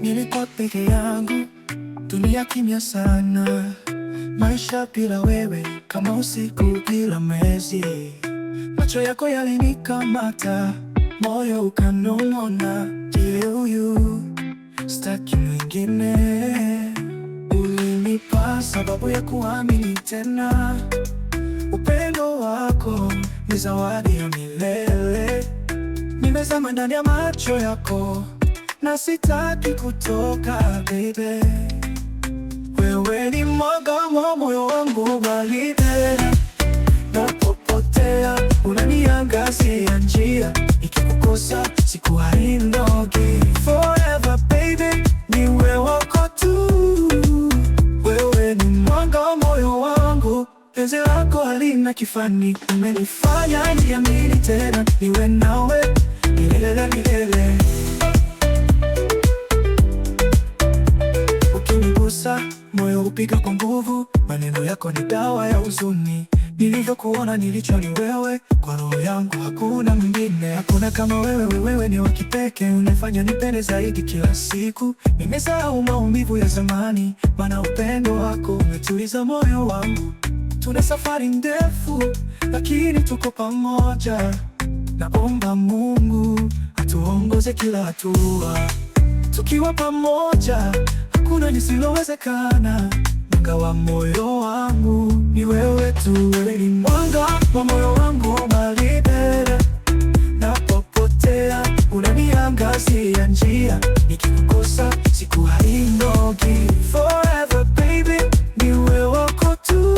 Nilikuwa peke yangu, dunia kimya sana, maisha bila wewe kama usiku bila mwezi. Macho yako yalinikamata, moyo ukanong'ona, je, huyu staki mwingine. Ulinipa sababu ya kuamini tena, upendo wako ni zawadi ya milele. Nimezama ndani ya macho yako na sitaki kutoka bebe, wewe ni mwanga wa moyo wangu baridi, napopotea unaniangazia njia, ikikukosa siku haindogi Forever baby, ni wako tu, wewe ni mwaga wa moyo wangu, penzi lako halina kifani, umenifanya niamini tena niwe nawe milele na milele. Piga kwa nguvu, maneno yako ni dawa ya huzuni. Nilivyokuona nilicho ni wewe, kwa roho yangu hakuna mwingine, hakuna kama wewe. Wewe ni wa kipekee, unafanya nipende zaidi kila siku. Nimesahau maumivu ya zamani, maana upendo wako umetuliza moyo wangu. Tuna safari ndefu, lakini tuko pamoja. Naomba Mungu atuongoze kila hatua, tukiwa pamoja hakuna nisilowezekana. Mwanga wa moyo wangu ni wewe tu, wewe ni mwanga wa moyo wangu, mahali napopotea unaniangazia njia, nikikukosa siku hainogi. Forever baby, ni wewe wako tu,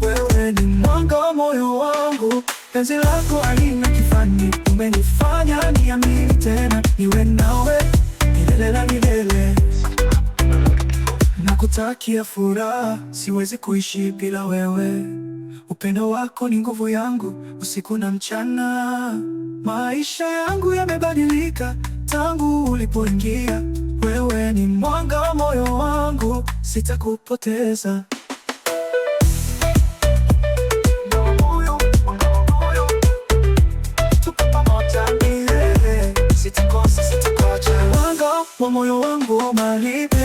wewe ni mwanga wa moyo wangu, penzi lako halina kifani, umenifanya niamini tena niwe staki furaha, siwezi kuishi bila wewe. Upendo wako ni nguvu yangu usiku na mchana. Maisha yangu yamebadilika tangu ulipoingia wewe. Ni mwanga wa moyo wangu, sitakupoteza. Mwanga wa moyo wangu, umenipa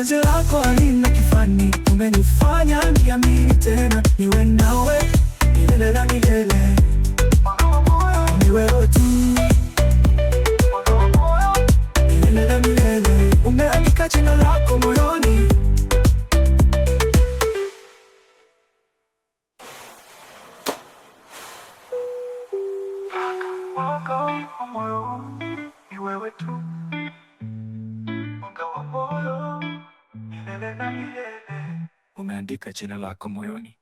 Penzi lako halina kifani, umenifanya niamini tena, niwe nawe milele na milele, ni wewe tu na milele. Umeandika jina lako moyoni moyo, ni wewe tu. umeandika jina lako moyoni.